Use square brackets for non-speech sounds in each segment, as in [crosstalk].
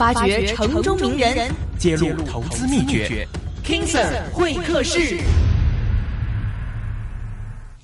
發掘城中名人，揭露投，投資秘訣。King Sir 會客室，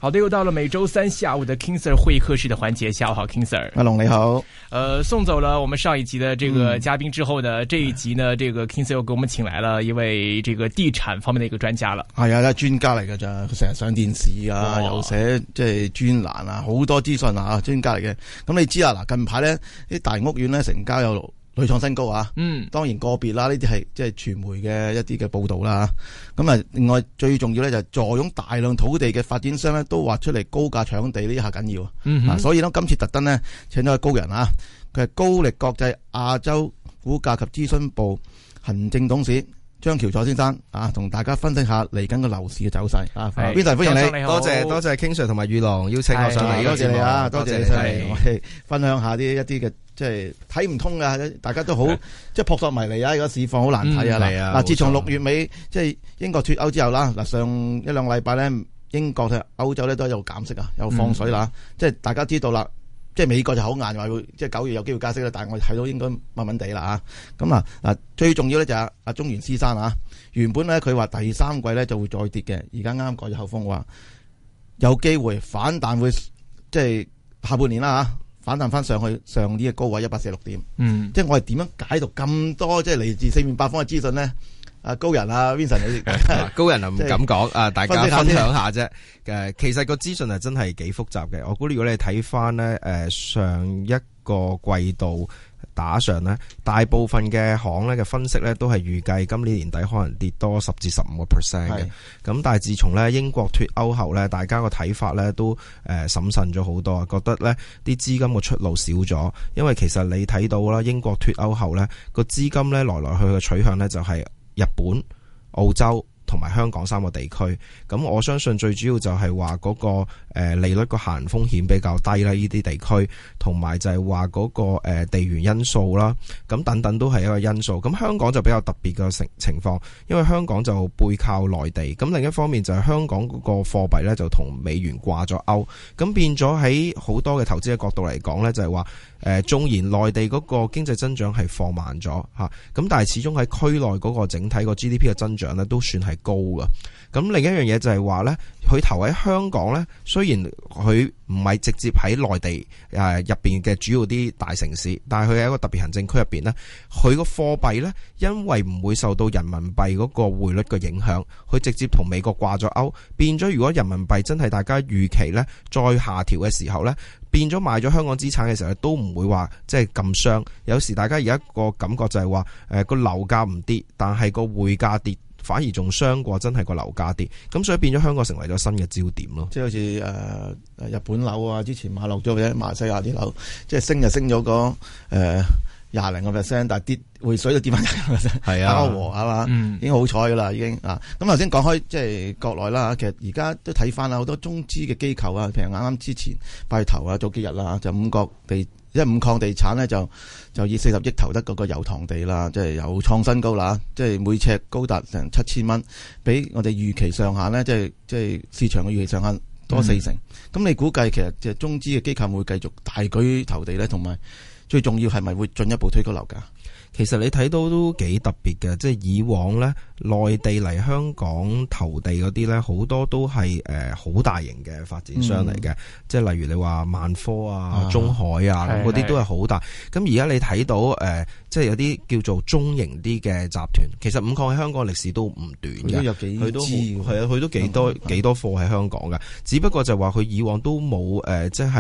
好的，又到了每周三下午的 King Sir 會客室的環節。下午好，King Sir。阿龍你好，呃，送走了我們上一集的這個嘉賓之後呢、嗯，這一集呢，這個 King Sir 又給我們請來了一位這個地產方面的一個專家了。係、哎、啊，專家嚟嘅咋？成日上電視啊，又寫即係專欄啊，好多資訊啊，專家嚟嘅。咁、嗯、你知啊，嗱，近排呢，啲大屋苑呢，成交有。屢創新高啊！嗯，當然個別啦，呢啲係即係傳媒嘅一啲嘅報道啦咁啊，另外最重要咧就係坐擁大量土地嘅發展商咧都話出嚟高價搶地呢下緊要啊！嗯，所以咧今次特登咧請咗個高人啊，佢係高力國際亞洲估價及諮詢部行政董事張翹楚先生啊，同大家分析下嚟緊個樓市嘅走勢。邊位歡迎你。多謝多謝 King Sir 同埋玉郎邀請我上嚟。多謝你啊！多謝你真係分享下啲一啲嘅，即係睇唔通嘅，大家都好即係撲朔迷離啊！而家市況好難睇啊！嗱，嗱，自從六月尾即係英國脫歐之後啦，嗱，上一兩禮拜咧，英國同歐洲咧都有減息啊，有放水啦，即係大家知道啦。即係美國就好硬話要，即係九月有機會加息啦。但係我睇到應該慢慢地啦嚇。咁啊嗱、啊，最重要咧就係阿中原施生啊，啊，原本咧佢話第三季咧就會再跌嘅，而家啱啱改咗口風話有機會反彈會，會即係下半年啦、啊、嚇、啊、反彈翻上去上啲嘅高位一百四十六點。嗯，即係我哋點樣解讀咁多即係嚟自四面八方嘅資訊咧？啊！高人啊，Vincent，高人啊，唔 [laughs] 敢講啊、就是，大家分享下啫。誒，其實個資訊係，真係幾複雜嘅。我估如果你睇翻呢，誒上一個季度打上呢，大部分嘅行咧嘅分析呢，都係預計今年年底可能跌多十至十五個 percent 嘅。咁但係自從呢英國脫歐後呢，大家個睇法呢都誒審慎咗好多，覺得呢啲資金嘅出路少咗，因為其實你睇到啦，英國脫歐後呢個資金呢，來來去去嘅取向呢，就係、是。日本、澳洲同埋香港三個地區，咁我相信最主要就係話嗰個利率個下行風險比較低啦，呢啲地區同埋就係話嗰個地緣因素啦，咁等等都係一個因素。咁香港就比較特別嘅情況，因為香港就背靠內地，咁另一方面就係香港嗰個貨幣呢，就同美元掛咗鈎，咁變咗喺好多嘅投資嘅角度嚟講呢，就係話。誒縱然內地嗰個經濟增長係放慢咗吓咁但係始終喺區內嗰個整體個 GDP 嘅增長呢都算係高㗎。咁另一樣嘢就係話呢佢投喺香港呢雖然佢唔係直接喺內地誒入面嘅主要啲大城市，但係佢係一個特別行政區入面。呢佢個貨幣呢，因為唔會受到人民幣嗰個匯率嘅影響，佢直接同美國掛咗鈎，變咗如果人民幣真係大家預期呢，再下調嘅時候呢。變咗賣咗香港資產嘅時候都唔會話即係咁傷。有時大家而家個感覺就係話，誒個樓價唔跌，但係個匯價跌，反而仲傷過真係個樓價跌。咁所以變咗香港成為咗新嘅焦點咯。即係好似誒日本樓啊，之前買落咗或者馬來西亞啲樓，即係升就升咗個誒。呃廿零個 percent，但係跌匯水就跌翻、啊嗯、一 percent，交和係嘛，已經好彩㗎啦，已經啊。咁頭先講開即係國內啦，其實而家都睇翻啦，好多中資嘅機構啊，譬如啱啱之前八月頭啊，早幾日啦，就五國地，即係五礦地產咧，就就以四十億投得嗰個油塘地啦，即係有創新高啦，即係每尺高達成七千蚊，比我哋預期上限咧，即係即係市場嘅預期上限多四成、嗯。咁你估計其實即係中資嘅機構會繼續大舉投地咧，同埋？最重要係咪會進一步推高樓價？其實你睇到都幾特別嘅，即係以往呢，內地嚟香港投地嗰啲呢，好多都係誒好大型嘅發展商嚟嘅，即、嗯、係例如你話萬科啊、啊中海啊嗰啲都係好大。咁而家你睇到誒。呃即係有啲叫做中型啲嘅集團，其實五礦喺香港歷史都唔短嘅，佢都幾，幾多幾多貨喺香港噶。只不過就話佢以往都冇誒，即係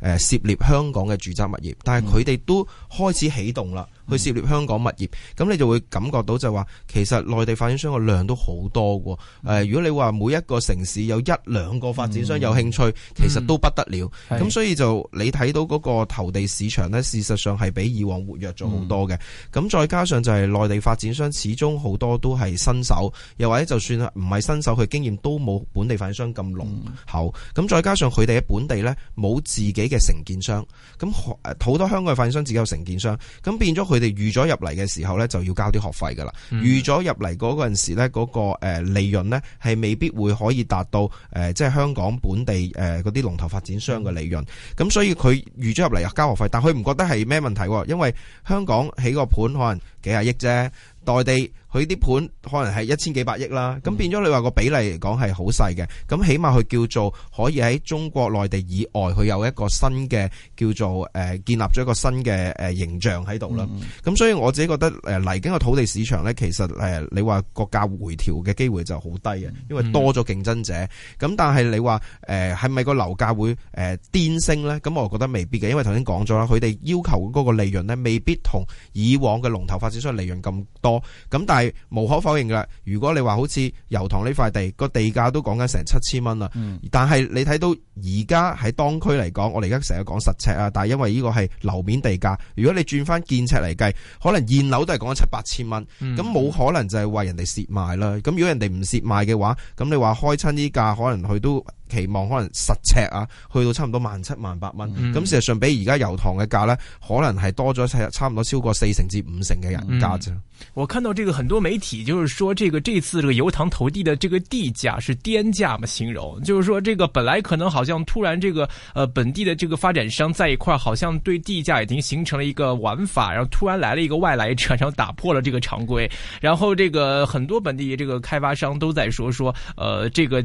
誒涉獵香港嘅住宅物業，但係佢哋都開始啟動啦、嗯，去涉獵香港物業。咁你就會感覺到就話，其實內地發展商嘅量都好多嘅。誒、呃，如果你話每一個城市有一兩個發展商有興趣，嗯、其實都不得了。咁、嗯、所以就你睇到嗰個投地市場呢，事實上係比以往活躍咗好多嘅。嗯咁再加上就係內地發展商始終好多都係新手，又或者就算唔係新手，佢經驗都冇本地發展商咁濃厚。咁、嗯、再加上佢哋喺本地呢，冇自己嘅承建商，咁好多香港嘅發展商自己有承建商，咁變咗佢哋預咗入嚟嘅時候呢，就要交啲學費噶啦。預咗入嚟嗰陣時呢，嗰、嗰個誒利潤呢，係未必會可以達到誒即係香港本地誒嗰啲龍頭發展商嘅利潤。咁所以佢預咗入嚟交學費，但佢唔覺得係咩問題，因為香港。起個盤可能幾廿億啫，代地。佢啲盤可能係一千幾百億啦，咁變咗你話個比例嚟講係好細嘅，咁起碼佢叫做可以喺中國內地以外，佢有一個新嘅叫做誒建立咗一個新嘅誒形象喺度啦。咁所以我自己覺得誒嚟緊個土地市場咧，其實誒你話個價回調嘅機會就好低嘅，因為多咗競爭者。咁但係你話誒係咪個樓價會誒癲升咧？咁我覺得未必嘅，因為頭先講咗啦，佢哋要求嗰個利潤咧未必同以往嘅龍頭發展商利潤咁多。咁但係無可否認㗎啦，如果你話好似油塘呢塊地個地價都講緊成七千蚊啦，但係你睇到而家喺當區嚟講，我哋而家成日講實尺啊，但係因為呢個係樓面地價，如果你轉翻建尺嚟計，可能現樓都係講緊七八千蚊，咁、嗯、冇可能就係為人哋蝕賣啦。咁、嗯、如果人哋唔蝕賣嘅話，咁你話開親呢價，可能佢都。期望可能十尺啊，去到差唔多萬七萬八蚊，咁、嗯、事實上比而家油塘嘅價呢，可能係多咗差唔多超過四成至五成嘅人價、嗯。我看到這個很多媒體就是說，這個這次這個油塘投地的這個地價是天價嘛形容，就是說這個本來可能好像突然這個，呃本地的這個發展商在一塊，好像對地價已經形成了一個玩法，然後突然來了一個外來者，然後打破了這個常規，然後這個很多本地這個開發商都在說，說，呃，這個。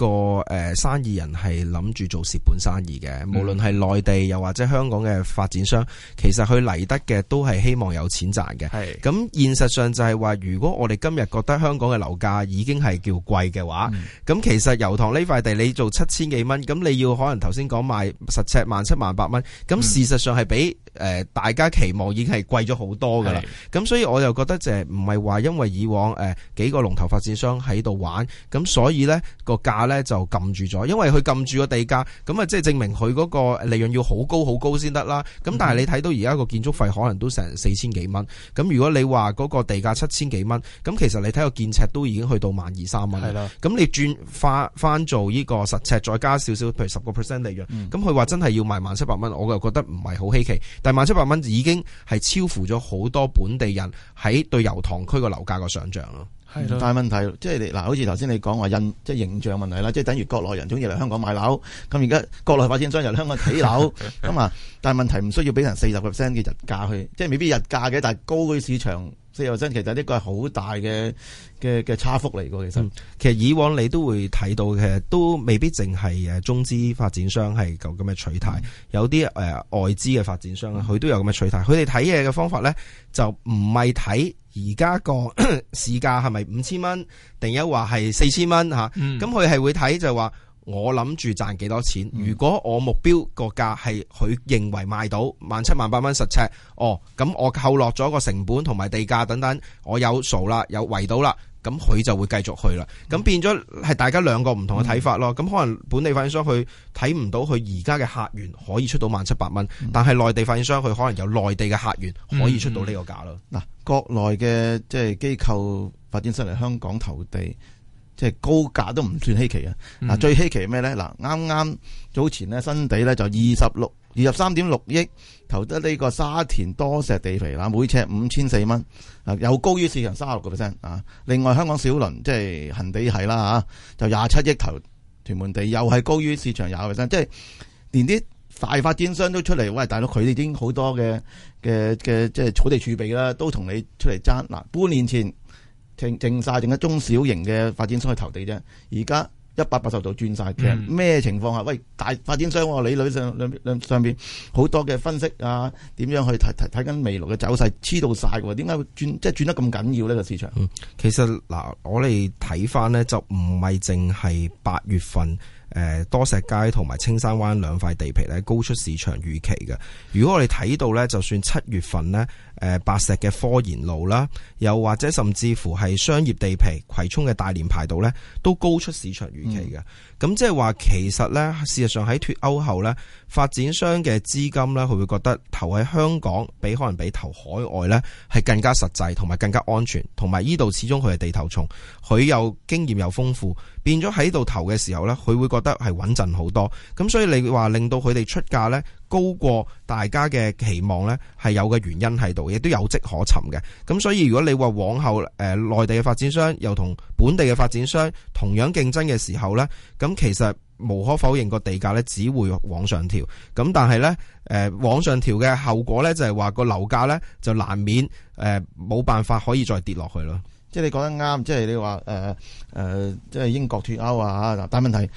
個誒生意人係諗住做蝕本生意嘅，無論係內地又或者香港嘅發展商，其實佢嚟得嘅都係希望有錢賺嘅。係咁，現實上就係話，如果我哋今日覺得香港嘅樓價已經係叫貴嘅話，咁、嗯、其實油塘呢塊地你做七千幾蚊，咁你要可能頭先講賣十呎萬七萬八蚊，咁事實上係比。嗯誒，大家期望已經係貴咗好多噶啦，咁所以我又覺得就係唔係話因為以往誒幾個龍頭發展商喺度玩，咁所以呢個價呢就撳住咗，因為佢撳住個地價，咁啊即係證明佢嗰個利潤要好高好高先得啦。咁但係你睇到而家個建築費可能都成四千幾蚊，咁如果你話嗰個地價七千幾蚊，咁其實你睇個建尺都已經去到萬二三蚊，係啦，咁你轉化翻做呢個實尺再加少少，譬如十個 percent 利潤，咁佢話真係要賣萬七百蚊，我又覺得唔係好稀奇。萬七百蚊已經係超乎咗好多本地人喺對油塘區個樓價個想象咯，但係問題即係你嗱，好似頭先你講話印即係形象問題啦，即係等於國內人中意嚟香港買樓，咁而家國內發展商又嚟香港起樓，咁啊，但係問題唔需要俾人四十個 percent 嘅日價去，即係未必日價嘅，但係高嗰啲市場。即又真，其實呢個係好大嘅嘅嘅差幅嚟嘅。其實，其實以往你都會睇到，其實都未必淨係誒中資發展商係咁咁嘅取態，有啲誒外資嘅發展商佢都有咁嘅取態。佢哋睇嘢嘅方法咧，就唔係睇而家個市價係咪五千蚊，定抑或係四千蚊吓。咁佢係會睇就係話。我諗住賺幾多錢？嗯、如果我目標個價係佢認為賣到萬七萬八蚊實尺，哦，咁我扣落咗個成本同埋地價等等，我有數啦，有圍到啦，咁佢就會繼續去啦。咁變咗係大家兩個唔同嘅睇法咯。咁、嗯、可能本地發展商佢睇唔到佢而家嘅客源可以出到萬七八蚊，嗯、但係內地發展商佢可能有內地嘅客源可以出到呢個價咯。嗱、嗯嗯，國內嘅即係機構發展商嚟香港投地。即係高價都唔算稀奇啊！嗱，嗯、最稀奇咩咧？嗱，啱啱早前咧新地咧就二十六二十三點六億投得呢個沙田多石地皮啦，每尺五千四蚊，啊又高於市場三十六個 percent 啊！另外香港小輪即係恒地係啦嚇，就廿七億投屯門地，又係高於市場廿個 percent，即係連啲大發展商都出嚟，喂，大佬，佢哋已經好多嘅嘅嘅即係土地儲備啦，都同你出嚟爭嗱、啊、半年前。淨晒曬，淨係中小型嘅發展商去投地啫。而家一百八十度轉晒，其實咩情況下？喂，大發展商我、啊、話你女上兩兩上面好多嘅分析啊，點樣去睇睇睇緊未來嘅走勢，黐到晒㗎喎。點解會轉即係轉得咁緊要呢個市場？其實嗱，我哋睇翻呢，就唔係淨係八月份誒、呃、多石街同埋青山灣兩塊地皮咧高出市場預期嘅。如果我哋睇到咧，就算七月份咧。誒白石嘅科研路啦，又或者甚至乎係商業地皮葵涌嘅大連排道咧，都高出市場預期嘅。咁即係話，其實咧，事實上喺脫歐後咧，發展商嘅資金咧，佢會覺得投喺香港比可能比投海外咧係更加實際同埋更加安全，同埋依度始終佢係地頭蟲，佢又經驗又豐富，變咗喺度投嘅時候咧，佢會覺得係穩陣好多。咁所以你話令到佢哋出價咧？高過大家嘅期望呢，係有嘅原因喺度，亦都有跡可尋嘅。咁所以如果你話往後誒內地嘅發展商又同本地嘅發展商同樣競爭嘅時候呢，咁其實無可否認個地價呢，只會往上調。咁但係呢，誒往上調嘅後果呢，就係話個樓價呢，就難免誒冇辦法可以再跌落去咯。即係你講得啱，即係你話誒、呃、即係英國脫歐啊，但係問題。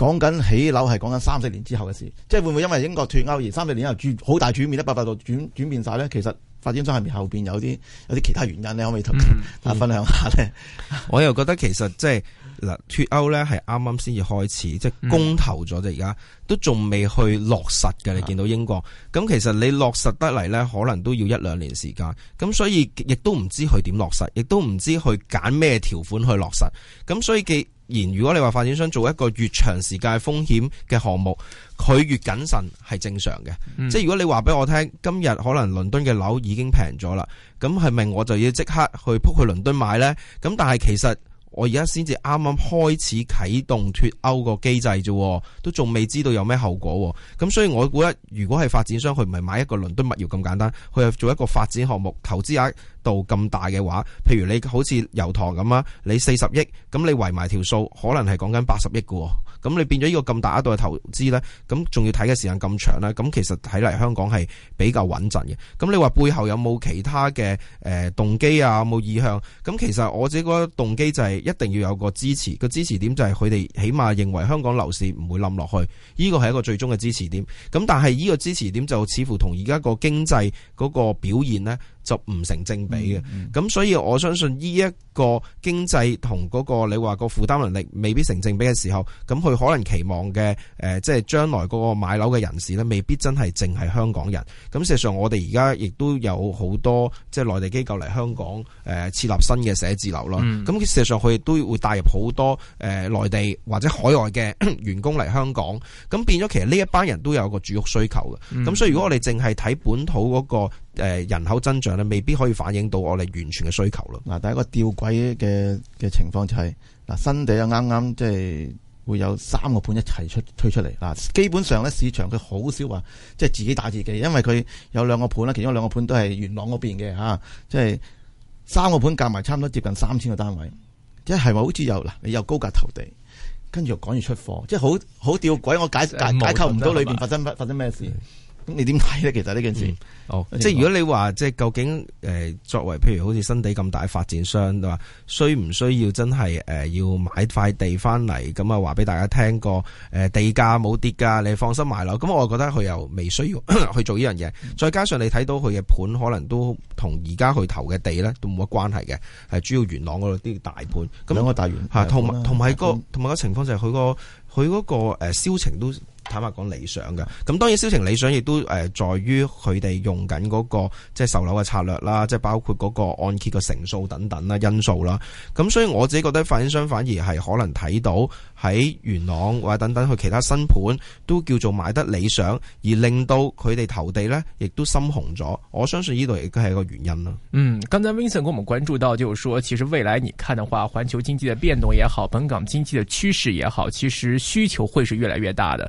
講緊起樓係講緊三四年之後嘅事，即係會唔會因為英國脱歐而三四年之後轉好大轉變呢八百度轉轉變晒呢？其實發展商係咪後邊有啲有啲其他原因呢可唔可以同大家,大家分享一下呢？嗯嗯、 [laughs] 我又覺得其實即係嗱，脱歐呢係啱啱先至開始，即係公投咗啫，而、嗯、家都仲未去落實嘅。你見到英國咁，其實你落實得嚟呢，可能都要一兩年時間。咁所以亦都唔知佢點落實，亦都唔知去揀咩條款去落實。咁所以既然，如果你話發展商做一個越長時間風險嘅項目，佢越謹慎係正常嘅。即係、嗯、如果你話俾我聽，今日可能倫敦嘅樓已經平咗啦，咁係咪我就要即刻去撲去倫敦買呢？咁但係其實，我而家先至啱啱開始啟動脫歐個機制啫，都仲未知道有咩後果。咁所以我估得，如果係發展商，佢唔係買一個倫敦物業咁簡單，佢係做一個發展項目，投資額度咁大嘅話，譬如你好似油塘咁啊，你四十億，咁你圍埋條數，可能係講緊八十億喎。咁你變咗呢個咁大一度嘅投資呢，咁仲要睇嘅時間咁長呢。咁其實睇嚟香港係比較穩陣嘅。咁你話背後有冇其他嘅誒動機啊？有冇意向？咁其實我自己覺得動機就係一定要有個支持，個支持點就係佢哋起碼認為香港樓市唔會冧落去，呢個係一個最終嘅支持點。咁但係呢個支持點就似乎同而家個經濟嗰個表現呢。就唔成正比嘅，咁、嗯嗯、所以我相信呢一個經濟同嗰個你話個負擔能力未必成正比嘅時候，咁佢可能期望嘅，誒，即係將來嗰個買樓嘅人士咧，未必真係淨係香港人。咁事實上，我哋而家亦都有好多即係內地機構嚟香港誒設立新嘅寫字樓啦。咁、嗯、事實上佢亦都會帶入好多誒內地或者海外嘅 [coughs] 員工嚟香港。咁變咗，其實呢一班人都有個住屋需求嘅。咁、嗯、所以如果我哋淨係睇本土嗰個。誒，人口增長咧，未必可以反映到我哋完全嘅需求咯。嗱，第一個吊詭嘅嘅情況就係，嗱，新地啊啱啱即係會有三個盤一齊出推出嚟。嗱，基本上咧市場佢好少話即係自己打自己，因為佢有兩個盤其中兩個盤都係元朗嗰邊嘅吓，即係三個盤夾埋，差唔多接近三千個單位，即係咪好似又嗱，你又高價投地跟，跟住又趕住出貨，即係好好吊詭，我解解解構唔到裏邊發生發生咩事。咁你點睇咧？其實呢件事、嗯，哦，即係如果你話即係究竟誒、呃，作為譬如好似新地咁大發展商，都話需唔需要真係誒、呃、要買塊地翻嚟？咁啊話俾大家聽個誒地價冇跌㗎，你放心買樓。咁我覺得佢又未需要咳咳去做呢樣嘢。再加上你睇到佢嘅盤，可能都同而家去投嘅地咧都冇乜關係嘅，係、呃、主要元朗嗰度啲大盤。兩個大元同埋同埋個同埋個情況就係、是、佢、那個佢嗰個誒銷情都。坦白講，理想嘅，咁當然銷情理想亦都誒，在於佢哋用緊嗰個即係售樓嘅策略啦，即係包括嗰個按揭嘅成數等等啦因素啦。咁所以我自己覺得發展商反而係可能睇到喺元朗或者等等去其他新盤都叫做買得理想，而令到佢哋投地呢亦都深紅咗。我相信呢度亦都係一個原因啦。嗯，剛才 Vincent 跟我們關注到，就是說，其實未來你看的話，環球經濟嘅變動也好，本港經濟嘅趨勢也好，其實需求會是越來越大嘅。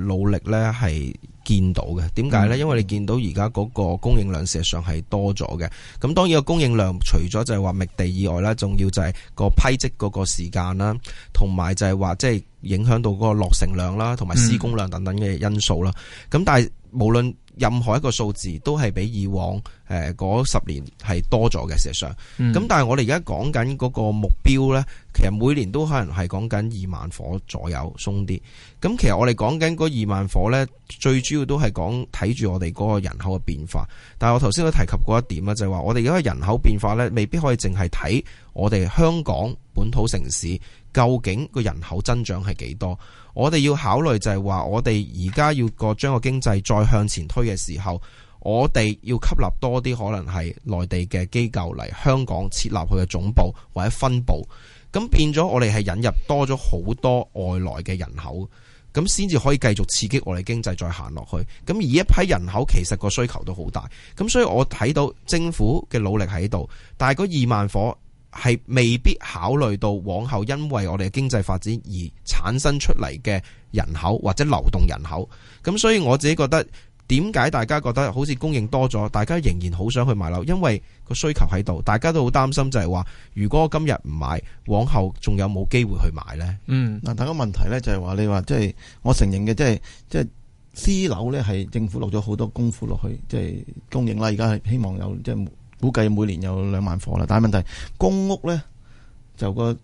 努力咧係見到嘅，點解咧？嗯、因為你見到而家嗰個供應量事實上係多咗嘅。咁當然個供應量除咗就係話覓地以外啦，仲要就係個批積嗰個時間啦，同埋就係話即係影響到嗰個落成量啦，同埋施工量等等嘅因素啦。咁、嗯、但係無論。任何一個數字都係比以往誒嗰、呃、十年係多咗嘅，事實上。咁、嗯、但係我哋而家講緊嗰個目標呢，其實每年都可能係講緊二萬伙左右鬆啲。咁其實我哋講緊嗰二萬伙呢，最主要都係講睇住我哋嗰個人口嘅變化。但係我頭先都提及過一點啦，就係、是、話我哋而家人口變化呢，未必可以淨係睇我哋香港本土城市究竟個人口增長係幾多。我哋要考慮就係話，我哋而家要個將個經濟再向前推嘅時候，我哋要吸納多啲可能係內地嘅機構嚟香港設立佢嘅總部或者分部，咁變咗我哋係引入多咗好多外來嘅人口，咁先至可以繼續刺激我哋經濟再行落去。咁而一批人口其實個需求都好大，咁所以我睇到政府嘅努力喺度，但係嗰二萬伙。係未必考慮到往後，因為我哋嘅經濟發展而產生出嚟嘅人口或者流動人口。咁所以我自己覺得，點解大家覺得好似供應多咗，大家仍然好想去買樓，因為個需求喺度。大家都好擔心就係話，如果今日唔買，往後仲有冇機會去買呢？嗯，嗱、嗯，第一個問題呢就係話，你話即係我承認嘅，即係即係私樓呢，係政府落咗好多功夫落去，即係供應啦。而家係希望有即係。估計每年有兩萬伙啦，但係問題是公屋呢，就個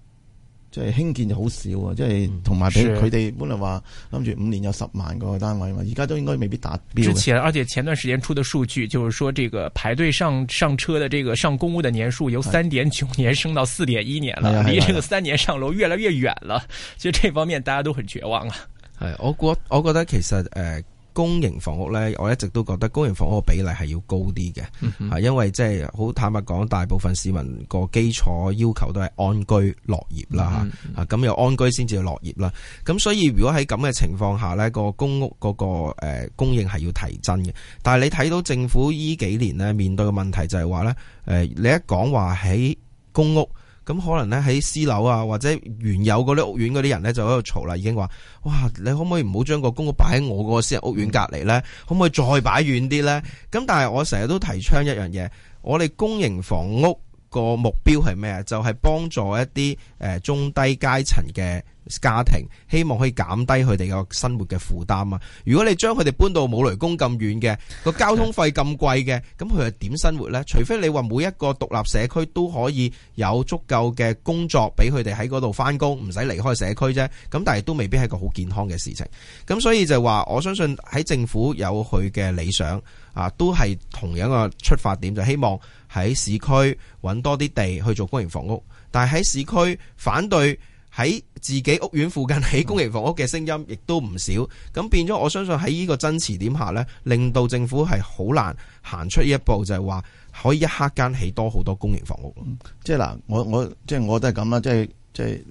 即係興建就好少啊，即係同埋譬如佢哋本來話諗住五年有十萬個單位嘛，而家都應該未必達標。之前而且前段時間出嘅數據，就係說這個排隊上上車的這個上公屋的年數由三點九年升到四點一年了，離、啊啊、這個三年上樓越來越遠了，所以這方面大家都很絕望啊。誒、啊，我覺得我覺得其實、呃公營房屋呢，我一直都覺得公營房屋比例係要高啲嘅，因為即係好坦白講，大部分市民個基礎要求都係安居樂業啦，吓、嗯，咁、嗯、又安居先至要樂業啦，咁所以如果喺咁嘅情況下呢，個公屋嗰個誒供應係要提增嘅，但係你睇到政府依幾年呢，面對嘅問題就係話呢，誒，你一講話喺公屋。咁可能咧喺私樓啊，或者原有嗰啲屋苑嗰啲人咧就喺度嘈啦，已經話：哇，你可唔可以唔好將個公屋擺喺我嗰個私人屋苑隔離呢？可唔可以再擺遠啲呢？」咁但係我成日都提倡一樣嘢，我哋公營房屋個目標係咩啊？就係幫助一啲誒中低階層嘅。家庭希望可以減低佢哋嘅生活嘅負擔啊！如果你將佢哋搬到冇雷公咁遠嘅個交通費咁貴嘅，咁佢又點生活呢？除非你話每一個獨立社區都可以有足夠嘅工作俾佢哋喺嗰度返工，唔使離開社區啫。咁但係都未必係個好健康嘅事情。咁所以就話，我相信喺政府有佢嘅理想啊，都係同樣一個出發點，就係希望喺市區揾多啲地去做公營房屋。但係喺市區反對，喺自己屋苑附近起公營房屋嘅聲音亦都唔少，咁變咗我相信喺呢個爭持點下咧，令到政府係好難行出呢一步，就係、是、話可以一刻間起多好多公營房屋咯。即係嗱，我我即係、就是、我都係咁啦，即係即係，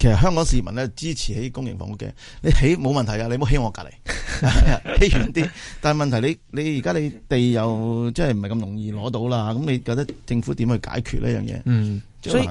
其實香港市民咧支持起公營房屋嘅，你起冇問題啊，你冇起我隔籬，起遠啲。但係問題你你而家你哋又即係唔係咁容易攞到啦，咁你覺得政府點去解決呢樣嘢？嗯。所以，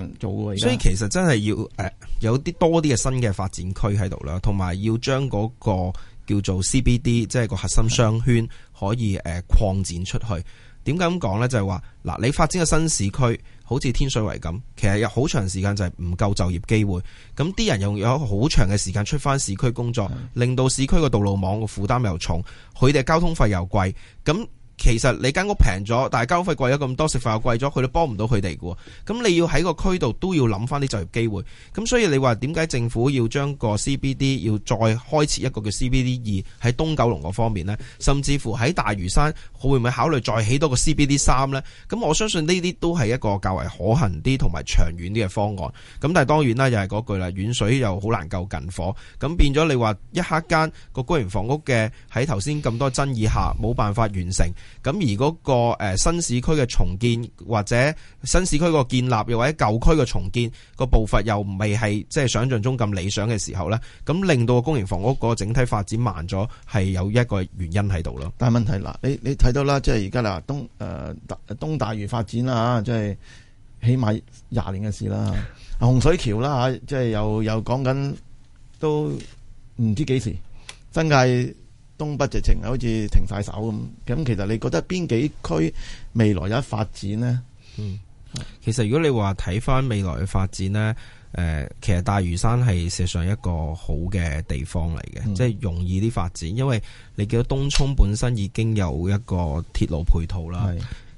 所以其實真係要誒有啲多啲嘅新嘅發展區喺度啦，同埋要將嗰個叫做 CBD，即係個核心商圈，可以誒擴展出去。點解咁講呢？就係話嗱，你發展個新市區，好似天水圍咁，其實有好長時間就係唔夠就業機會，咁啲人又有好長嘅時間出翻市區工作，令到市區個道路網嘅負擔又重，佢哋交通費又貴，咁。其實你間屋平咗，但係交費貴咗咁多，食飯又貴咗，佢都幫唔到佢哋嘅喎。咁你要喺個區度都要諗翻啲就業機會。咁所以你話點解政府要將個 CBD 要再開設一個叫 CBD 二喺東九龍嗰方面呢？甚至乎喺大嶼山會唔會考慮再起多個 CBD 三呢？咁我相信呢啲都係一個較為可行啲同埋長遠啲嘅方案。咁但係當然啦，又係嗰句啦，遠水又好難救近火。咁變咗你話一刻間個居園房屋嘅喺頭先咁多爭議下冇辦法完成。咁而嗰個誒新市區嘅重建或者新市區個建立，又或者舊區嘅重建個步伐又唔係即係想象中咁理想嘅時候咧，咁令到公營房屋個整體發展慢咗，係有一個原因喺度咯。但係問題嗱，你你睇到啦，即係而家嗱，東誒、呃、東大嶼發展啦吓，即係起碼廿年嘅事啦，洪水橋啦吓，即係又又講緊都唔知幾時，真係。東北直情好似停晒手咁，咁其實你覺得邊幾區未來有得發展呢？嗯，其實如果你話睇翻未來嘅發展呢，誒、呃，其實大嶼山係事實上一個好嘅地方嚟嘅，即、嗯、係、就是、容易啲發展，因為你見到東涌本身已經有一個鐵路配套啦。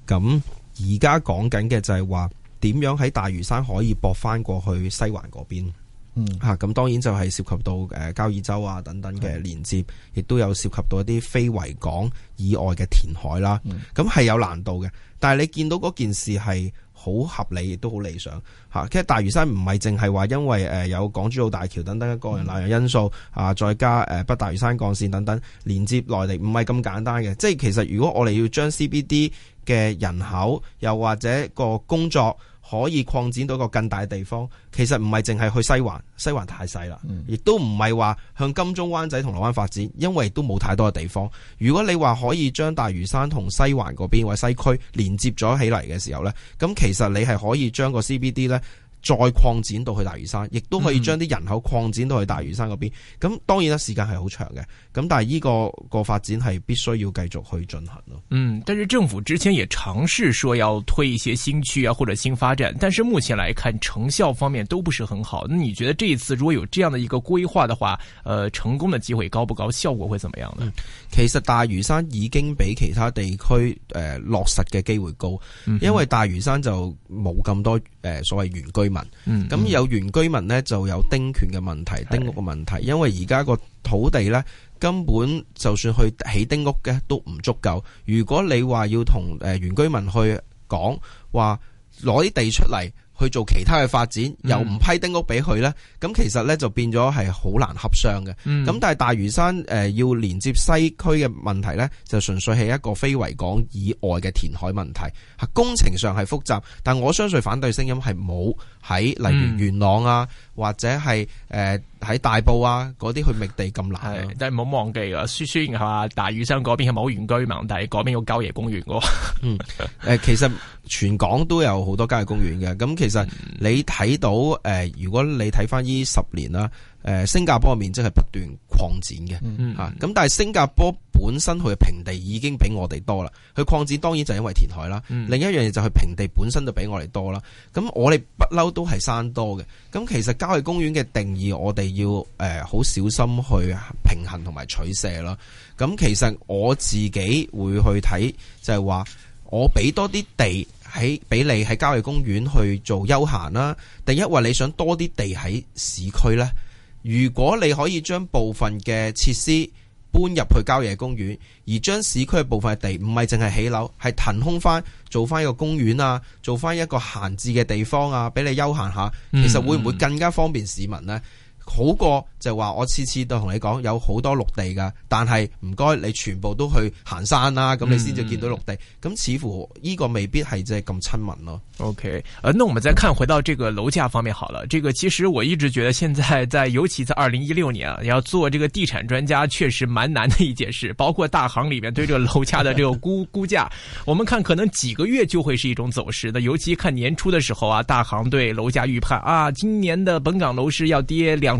係，咁而家講緊嘅就係話點樣喺大嶼山可以駁翻過去西環嗰邊。嗯，吓咁，當然就係涉及到誒，交椅洲啊，等等嘅連接，亦都有涉及到一啲非維港以外嘅填海啦。咁係有難度嘅，但係你見到嗰件事係好合理，亦都好理想吓。其實大嶼山唔係淨係話因為誒有港珠澳大橋等等個人難容因素啊，再加誒北大嶼山幹線等等連接內地，唔係咁簡單嘅。即係其實如果我哋要將 CBD 嘅人口又或者個工作可以擴展到個更大嘅地方，其實唔係淨係去西環，西環太細啦，亦都唔係話向金鐘、灣仔、銅鑼灣發展，因為都冇太多嘅地方。如果你話可以將大嶼山同西環嗰邊或者西區連接咗起嚟嘅時候呢，咁其實你係可以將個 CBD 呢。再擴展到去大嶼山，亦都可以將啲人口擴展到去大嶼山嗰邊。咁、嗯、當然啦，時間係好長嘅。咁但係呢個個發展係必須要繼續去進行咯。嗯，但是政府之前也嘗試說要推一些新區啊，或者新發展，但是目前來看成效方面都唔係很好。那你覺得呢一次如果有這樣的一個規劃嘅話，呃，成功嘅機會高不高？效果會點樣呢、嗯？其實大嶼山已經比其他地區誒、呃、落實嘅機會高，因為大嶼山就冇咁多誒、呃、所謂原居民、嗯嗯，咁有原居民呢就有丁權嘅問題，丁屋嘅問題，因為而家個土地呢，根本就算去起丁屋嘅都唔足夠。如果你話要同誒原居民去講，話攞啲地出嚟。去做其他嘅發展，又唔批丁屋俾佢呢。咁、嗯、其實呢，就變咗係好難合商嘅。咁、嗯、但係大嶼山要連接西區嘅問題呢，就純粹係一個非維港以外嘅填海問題，工程上係複雜。但我相信反對聲音係冇喺例如元朗啊、嗯，或者係喺大埔啊嗰啲去覓地咁難。但係唔好忘記㗎，雖然後大嶼山嗰邊係冇原居民，但係嗰邊有郊野公園喎、 [laughs] 嗯。其實全港都有好多郊野公園嘅，咁其實其實你睇到，誒，如果你睇翻呢十年啦，誒，新加坡嘅面積係不斷擴展嘅，吓、嗯。咁、嗯、但係新加坡本身佢嘅平地已經比我哋多啦，佢擴展當然就係因為填海啦、嗯。另一樣嘢就係平地本身就比我哋多啦。咁我哋不嬲都係山多嘅。咁其實郊野公園嘅定義，我哋要誒好小心去平衡同埋取捨啦。咁其實我自己會去睇，就係話我俾多啲地。喺俾你喺郊野公園去做休閒啦，定一為你想多啲地喺市區呢？如果你可以將部分嘅設施搬入去郊野公園，而將市區嘅部分地唔係淨係起樓，係騰空翻做翻一個公園啊，做翻一個閒置嘅地方啊，俾你休閒下，其實會唔會更加方便市民呢？好過就話我次次都同你講有好多陸地噶，但係唔該你全部都去行山啦、啊，咁你先至見到陸地。咁似乎呢個未必係即係咁親民咯。OK，誒，那我們再看回到這個樓價方面好了。這個其實我一直覺得現在在，尤其在二零一六年，要做這個地產專家確實蠻難的一件事。包括大行裏面對這個樓價的這個估估價， [laughs] 我們看可能幾個月就會是一種走勢的。尤其看年初的時候啊，大行對樓價預判啊，今年的本港樓市要跌兩。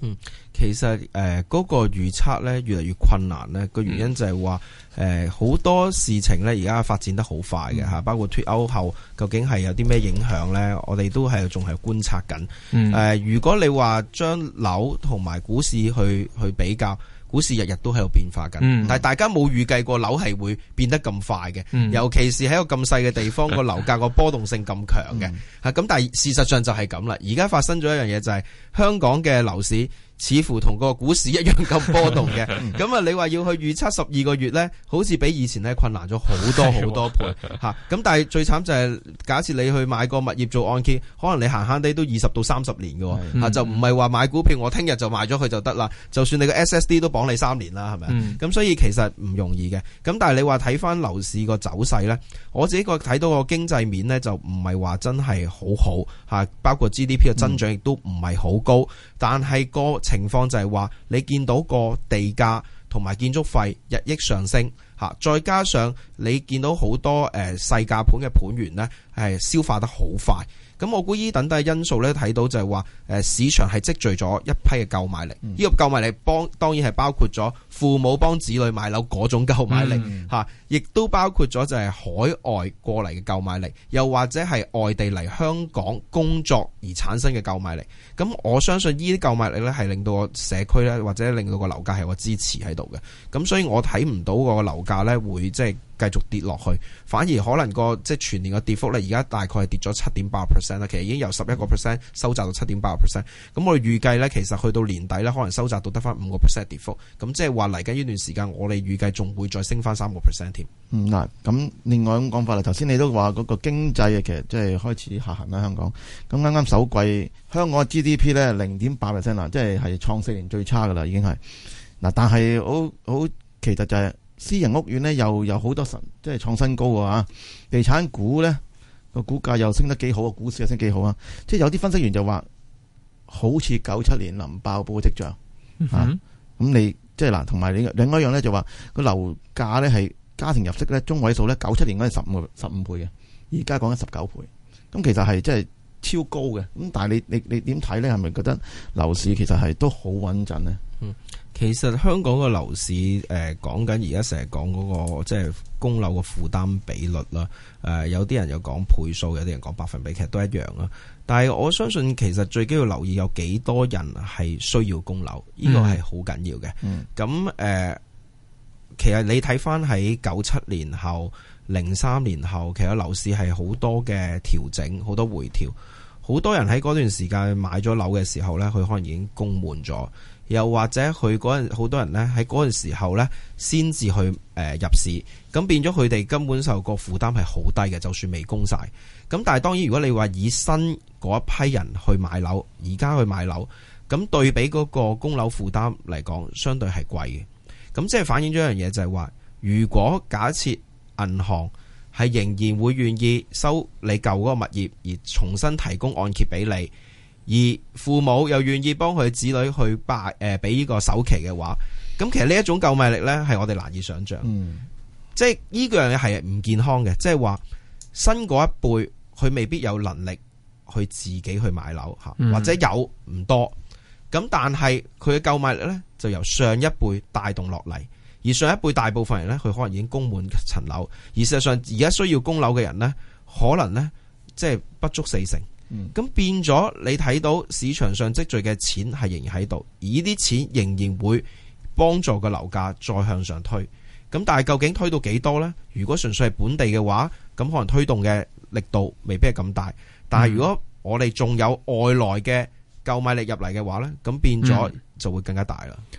嗯，其實誒，嗰、呃那個預測咧越嚟越困難咧，個原因就係話誒好多事情咧而家發展得好快嘅吓、嗯，包括脫歐後究竟係有啲咩影響咧，我哋都係仲係觀察緊。誒、呃，如果你話將樓同埋股市去去比較。股市日日都喺度變化㗎，但係大家冇預計過樓係會變得咁快嘅，尤其是喺個咁細嘅地方，個樓價個波動性咁強嘅。嚇，咁但係事實上就係咁啦。而家發生咗一樣嘢，就係、是、香港嘅樓市。似乎同個股市一樣咁波動嘅，咁 [laughs] 啊你話要去預測十二個月呢，好似比以前困難咗好多好多倍嚇。咁 [laughs] 但係最慘就係、是，假設你去買個物業做按揭，可能你閒閒哋都二十到三十年㗎喎、嗯、就唔係話買股票我聽日就賣咗佢就得啦。就算你個 SSD 都綁你三年啦，係咪？咁、嗯、所以其實唔容易嘅。咁但係你話睇翻樓市個走勢呢，我自己個睇到個經濟面呢，就唔係話真係好好嚇。包括 GDP 嘅增長亦都唔係好高，嗯、但係、嗰個。情況就係話，你見到個地價同埋建築費日益上升，嚇，再加上。你見到好多誒細價盤嘅盤源呢，係消化得好快。咁我估依等多因素呢，睇到就係話誒，市場係積聚咗一批嘅購買力。呢個購買力幫當然係包括咗父母幫子女買樓嗰種購買力，亦都包括咗就係海外過嚟嘅購買力，又或者係外地嚟香港工作而產生嘅購買力。咁我相信呢啲購買力呢，係令到個社區呢，或者令到個樓價係我支持喺度嘅。咁所以我睇唔到個樓價呢，會即係。繼續跌落去，反而可能個即係全年嘅跌幅咧，而家大概係跌咗七點八 percent 啦。其實已經由十一個 percent 收窄到七點八個 percent。咁我哋預計咧，其實去到年底咧，可能收窄到得翻五個 percent 跌幅。咁即係話嚟緊呢段時間，我哋預計仲會再升翻三個 percent 添。嗯，嗱，咁另外咁講法啦，頭先你都話嗰個經濟其實即係開始下行啦，香港。咁啱啱首季香港 GDP 咧零點八 percent 啦，即係係創四年最差噶啦，已經係嗱，但係好好其實就係、是。私人屋苑呢又有好多新即係創新高啊！地產股呢，個股價又升得幾好啊！股市又升幾好啊！即係有啲分析員就話好似九七年臨爆煲嘅跡象、嗯、啊！咁你即係嗱，同埋你另外一樣呢，就話個樓價呢係家庭入息呢中位數呢，九七年嗰陣十五十五倍嘅，而家講緊十九倍，咁其實係即係超高嘅。咁但係你你你點睇呢？係咪覺得樓市其實係都好穩陣呢？嗯。其實香港嘅樓市誒，講緊而家成日講嗰個即係供樓嘅負擔比率啦。誒、呃，有啲人又講倍數，有啲人講百分比，其實都一樣啦。但係我相信，其實最緊要留意有幾多人係需要供樓，呢、呢個係好緊要嘅。咁、嗯、誒、呃，其實你睇返喺九七年後、零三年後，其實樓市係好多嘅調整，好多回調。好多人喺嗰段時間買咗樓嘅時候呢，佢可能已經供滿咗。又或者佢嗰陣好多人呢，喺嗰陣時候呢先至去誒入市，咁變咗佢哋根本受個負擔係好低嘅，就算未供晒。咁但係當然，如果你話以新嗰一批人去買樓，而家去買樓，咁對比嗰個供樓負擔嚟講，相對係貴嘅。咁即係反映咗一樣嘢，就係話，如果假設銀行係仍然會願意收你舊嗰個物業而重新提供按揭俾你。而父母又願意幫佢子女去拜誒俾呢個首期嘅話，咁其實呢一種購買力呢係我哋難以想像，嗯，即係呢個樣嘢係唔健康嘅，即係話新嗰一輩佢未必有能力去自己去買樓嚇，或者有唔多，咁但係佢嘅購買力呢，就由上一輩帶動落嚟，而上一輩大部分人呢，佢可能已經供滿層樓，而事實上而家需要供樓嘅人呢，可能呢，即係不足四成。咁、嗯、變咗，你睇到市場上積聚嘅錢係仍然喺度，而啲錢仍然會幫助個樓價再向上推。咁但係究竟推到幾多呢？如果純粹係本地嘅話，咁可能推動嘅力度未必係咁大。但係如果我哋仲有外來嘅購買力入嚟嘅話呢，咁變咗就會更加大啦。嗯。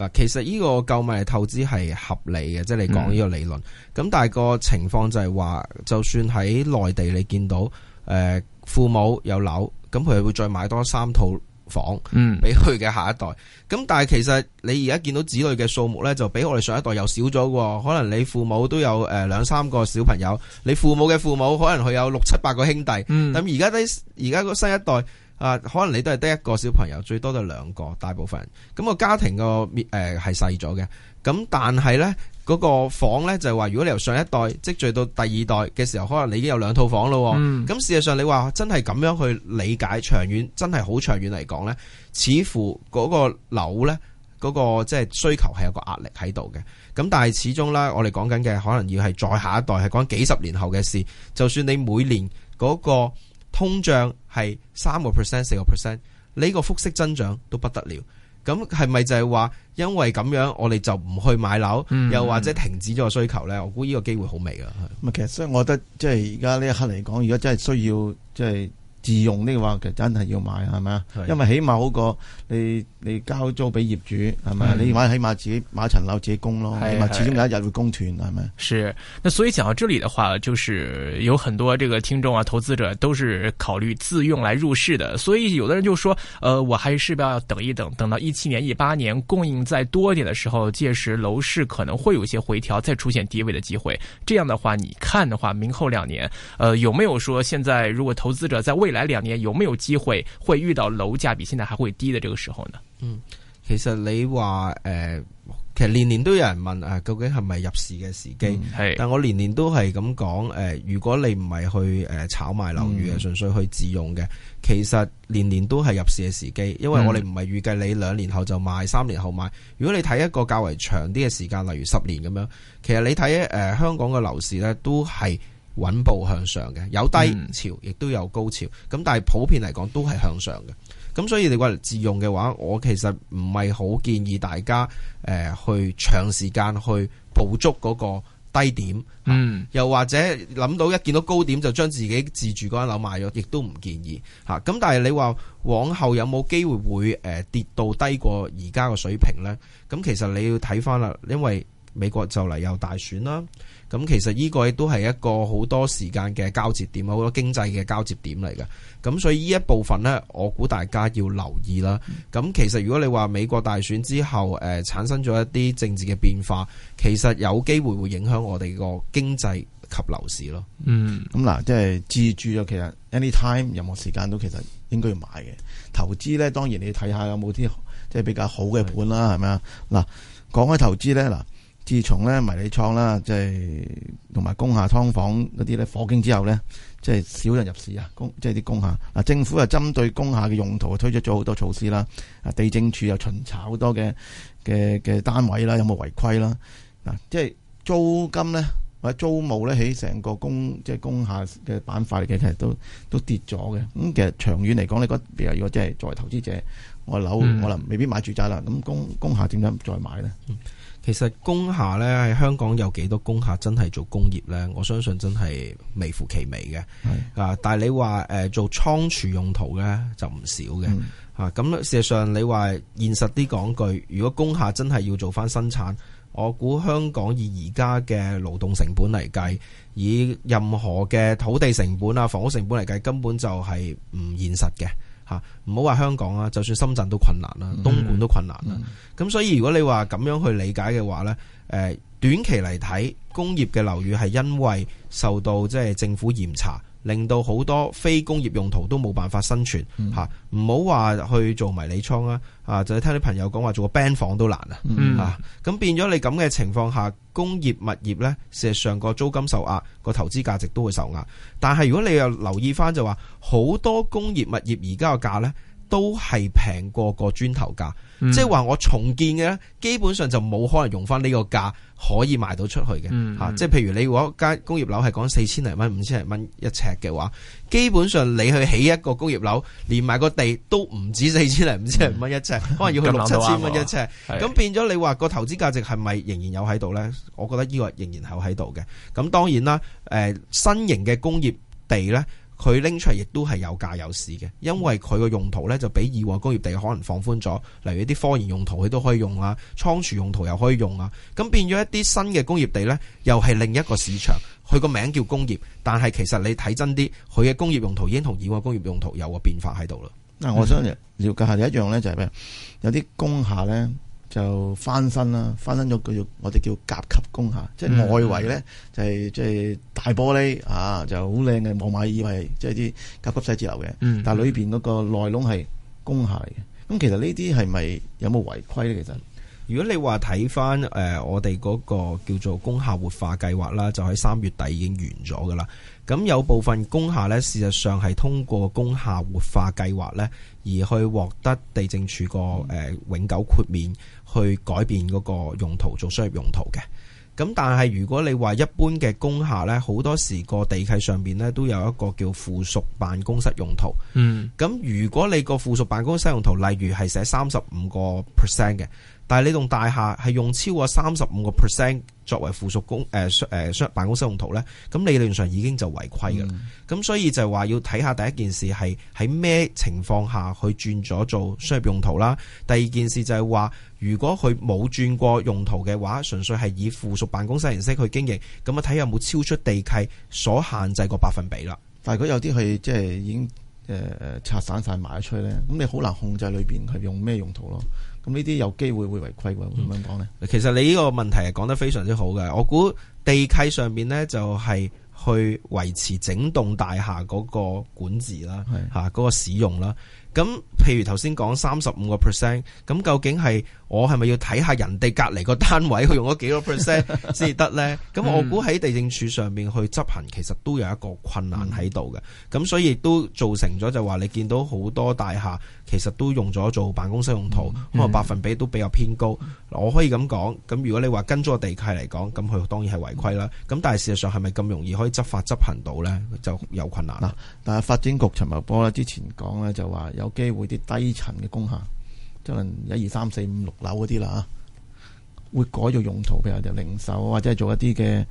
嗱，其實呢個購物嚟投資係合理嘅，即係你講呢個理論。咁，嗯，但係個情況就係話，就算喺內地你見到，誒父母有樓，咁佢係會再買多三套房，嗯，俾佢嘅下一代。咁，嗯，但係其實你而家見到子女嘅數目呢，就比我哋上一代又少咗喎。可能你父母都有誒兩三個小朋友，你父母嘅父母可能佢有六七八個兄弟，咁而家啲，而家個新一代。啊，可能你都係得一個小朋友，最多都係兩個，大部分人咁、那個家庭個面誒係細咗嘅。咁、呃、但係呢，嗰、那個房呢，就係話，如果你由上一代積聚到第二代嘅時候，可能你已經有兩套房咯。咁、嗯、事實上你，你話真係咁樣去理解，長遠真係好長遠嚟講呢，似乎嗰個樓呢，嗰、那個即係需求係有個壓力喺度嘅。咁但係始終啦，我哋講緊嘅可能要係再下一代，係講幾十年後嘅事。就算你每年嗰、那個。通脹係三個 percent、四個 percent，呢個複式增長都不得了。咁係咪就係話因為咁樣，我哋就唔去買樓，嗯嗯又或者停止咗個需求咧？我估呢個機會好微㗎。咁其實所以我覺得即係而家呢一刻嚟講，如果真係需要即係。自用呢話，其實真係要買，係咪啊？因為起碼好過你你交租俾業主，係咪？你買起碼自己買層樓自己供咯，係嘛？起碼始終有一日會供斷係咪？是，那所以講到這裏的話，就是有很多這個聽眾啊，投資者都是考慮自用來入市的。所以有的人就說：，呃，我還是不要等一等，等到一七年、一八年供應再多點的時候，屆時樓市可能會有些回調，再出現低位的機會。這樣的話，你看的話，明後兩年，呃，有沒有說現在如果投資者在未未來兩年有沒有機會會遇到樓價比現在還會低的這個時候呢？嗯，其實你話誒、呃，其實年年都有人問啊，究竟係咪入市嘅時機？係、嗯，但我年年都係咁講誒，如果你唔係去誒炒賣樓宇、嗯，純粹去自用嘅，其實年年都係入市嘅時機，因為我哋唔係預計你兩年後就賣，嗯、三年後賣。如果你睇一個較為長啲嘅時間，例如十年咁樣，其實你睇誒、呃、香港嘅樓市呢，都係。穩步向上嘅，有低潮，亦都有高潮，咁但係普遍嚟講都係向上嘅，咁所以你嚟自用嘅話，我其實唔係好建議大家誒、呃、去長時間去捕捉嗰個低點，嗯，又或者諗到一見到高點就將自己自住嗰間樓賣咗，亦都唔建議吓，咁但係你話往後有冇機會會誒跌到低過而家個水平呢？咁其實你要睇返啦，因為美國就嚟有大選啦。咁其實呢個亦都係一個好多時間嘅交接點，好多經濟嘅交接點嚟嘅。咁所以呢一部分呢，我估大家要留意啦。咁其實如果你話美國大選之後，誒、呃、產生咗一啲政治嘅變化，其實有機會會影響我哋個經濟及樓市咯。嗯，咁嗱，即係自住啊，其實 anytime 任何時間都其實應該要買嘅投資呢。當然你睇下有冇啲即係比較好嘅盤啦，係咪啊？嗱，講開投資呢。嗱。自從咧迷你倉啦，即係同埋工廈劏房嗰啲咧火警之後咧，即係少人入市啊，即係啲工廈。嗱，政府又針對工廈嘅用途推出咗好多措施啦。啊，地政署又巡查好多嘅嘅嘅單位啦，有冇違規啦？嗱、啊，即係租金咧或者租務咧喺成個工即係工廈嘅板塊嘅，其實都都跌咗嘅。咁其實長遠嚟講，你覺得譬如如果即係作為投資者，我樓、嗯、我就未必買住宅啦。咁工工廈點解唔再買咧？嗯其實工廈呢，喺香港有幾多工廈真係做工業呢？我相信真係微乎其微嘅。啊，但係你話誒做倉儲用途呢，就唔少嘅。吓咁，事實上你話現實啲講句，如果工廈真係要做翻生產，我估香港以而家嘅勞動成本嚟計，以任何嘅土地成本啊、房屋成本嚟計，根本就係唔現實嘅。嚇，唔好話香港啦，就算深圳都困難啦，東莞都困難啦。咁所以如果你話咁樣去理解嘅話呢，誒短期嚟睇工業嘅樓宇係因為受到即係政府嚴查。令到好多非工業用途都冇辦法生存吓，唔好話去做迷你倉啊，就係聽啲朋友講話，做個 band 房都難啊，咁變咗你咁嘅情況下，工業物業呢，事實上個租金受壓，個投資價值都會受壓。但係如果你又留意翻就話，好多工業物業而家個價呢，都係平過個磚頭價。即係話我重建嘅咧，基本上就冇可能用翻呢個價可以賣到出去嘅吓。即、嗯、係、嗯、譬如你如果間工業樓係講四千零蚊、五千零蚊一尺嘅話，基本上你去起一個工業樓，連埋個地都唔止四千零五千零蚊一尺，嗯，可能要去六七千蚊一尺。咁變咗你話個投資價值係咪仍然有喺度呢？我覺得呢個仍然有喺度嘅。咁當然啦，誒、呃，新型嘅工業地呢，佢拎出嚟亦都係有價有市嘅，因為佢個用途呢就比以往工業地可能放寬咗，例如一啲科研用途佢都可以用啊，倉儲用途又可以用啊，咁變咗一啲新嘅工業地呢，又係另一個市場。佢個名叫工業，但係其實你睇真啲，佢嘅工業用途已經同以往工業用途有個變化喺度啦。我想了解下第一樣呢，就係咩？有啲工廈呢。就翻新啦，翻新咗叫做我哋叫甲級工廈、嗯，即係外圍咧、嗯、就係即係大玻璃啊，就好靚嘅望馬爾，以為即係啲甲級寫字樓嘅，但係裏邊嗰個內籠係工廈嚟嘅。咁、嗯、其實是是有有呢啲係咪有冇違規咧？其實如果你話睇翻誒，我哋嗰個叫做工廈活化計劃啦，就喺三月底已經完咗㗎喇。咁有部分工廈咧，事實上係通過工廈活化計劃咧，而去獲得地政處個誒永久豁免，去改變嗰個用途做商業用途嘅。咁但係如果你話一般嘅工廈咧，好多時個地契上邊咧，都有一個叫附屬辦公室用途。嗯，咁如果你個附屬辦公室用途，例如係寫三十五個 percent 嘅。但係呢棟大廈係用超過三十五個 percent 作為附屬公誒誒商業辦公室用途咧，咁理論上已經就違規㗎。咁、嗯、所以就係話要睇下第一件事係喺咩情況下去轉咗做商業用途啦。第二件事就係話如果佢冇轉過用途嘅話，純粹係以附屬辦公室形式去經營，咁啊睇下有冇超出地契所限制個百分比啦。但係如果有啲佢即係已經誒拆散晒賣咗出去咧，咁你好難控制裏邊係用咩用途咯。呢啲有機會會違規喎？點、嗯、樣講呢？其實你呢個問題係講得非常之好嘅。我估地契上面呢，就係去維持整棟大廈嗰個管治啦，嚇嗰、啊嗰個使用啦。咁，譬如頭先講三十五個 percent，咁究竟係我係咪要睇下人哋隔離個單位佢用咗幾多 percent 先至得咧？咁 [laughs] 我估喺地政署上面去執行，其實都有一個困難喺度嘅。咁所以亦都造成咗就話你見到好多大廈其實都用咗做辦公室用途，可能百分比都比較偏高、嗯嗯。我可以咁講，咁如果你話跟咗個地契嚟講，咁佢當然係違規啦。咁但係事實上係咪咁容易可以執法執行到咧，就有困難啦、嗯嗯嗯嗯。但係發展局陳茂波啦之前講咧就話。有機會啲低層嘅工廈，可能一二三四五六樓嗰啲啦，嚇，會改做用途，譬如就零售或者係做一啲嘅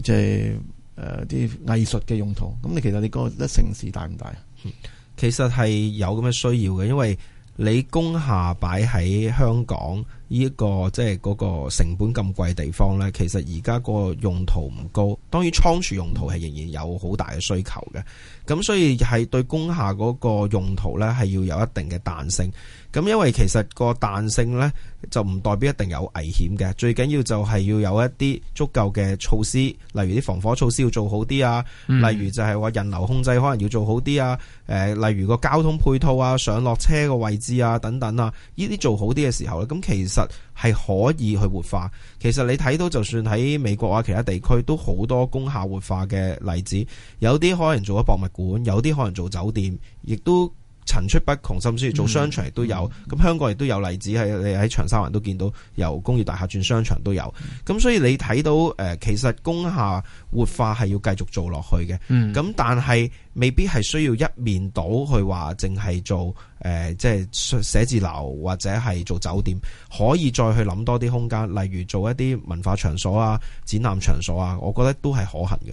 誒，即係誒啲藝術嘅用途。咁你其實你覺得城市大唔大啊？其實係有咁嘅需要嘅，因為你工廈擺喺香港，呢、這、一個即係嗰個成本咁貴地方呢？其實而家個個用途唔高，當然倉儲用途係仍然有好大嘅需求嘅。咁所以係對工廈嗰個用途呢，係要有一定嘅彈性。咁因為其實個彈性呢，就唔代表一定有危險嘅，最緊要就係要有一啲足夠嘅措施，例如啲防火措施要做好啲啊，嗯、例如就係話人流控制可能要做好啲啊、呃，例如個交通配套啊、上落車個位置啊等等啊，呢啲做好啲嘅時候咧，咁其實。係可以去活化，其實你睇到就算喺美國啊，其他地區都好多工廈活化嘅例子，有啲可能做咗博物館，有啲可能做酒店，亦都。層出不窮，甚至做商場亦都有。咁香港亦都有例子喺你喺長沙灣都見到，由工業大廈轉商場都有。咁所以你睇到誒，其實工廈活化係要繼續做落去嘅。咁但係未必係需要一面倒去話，淨係做誒，即係寫字樓或者係做酒店，可以再去諗多啲空間，例如做一啲文化場所啊、展覽場所啊，我覺得都係可行嘅。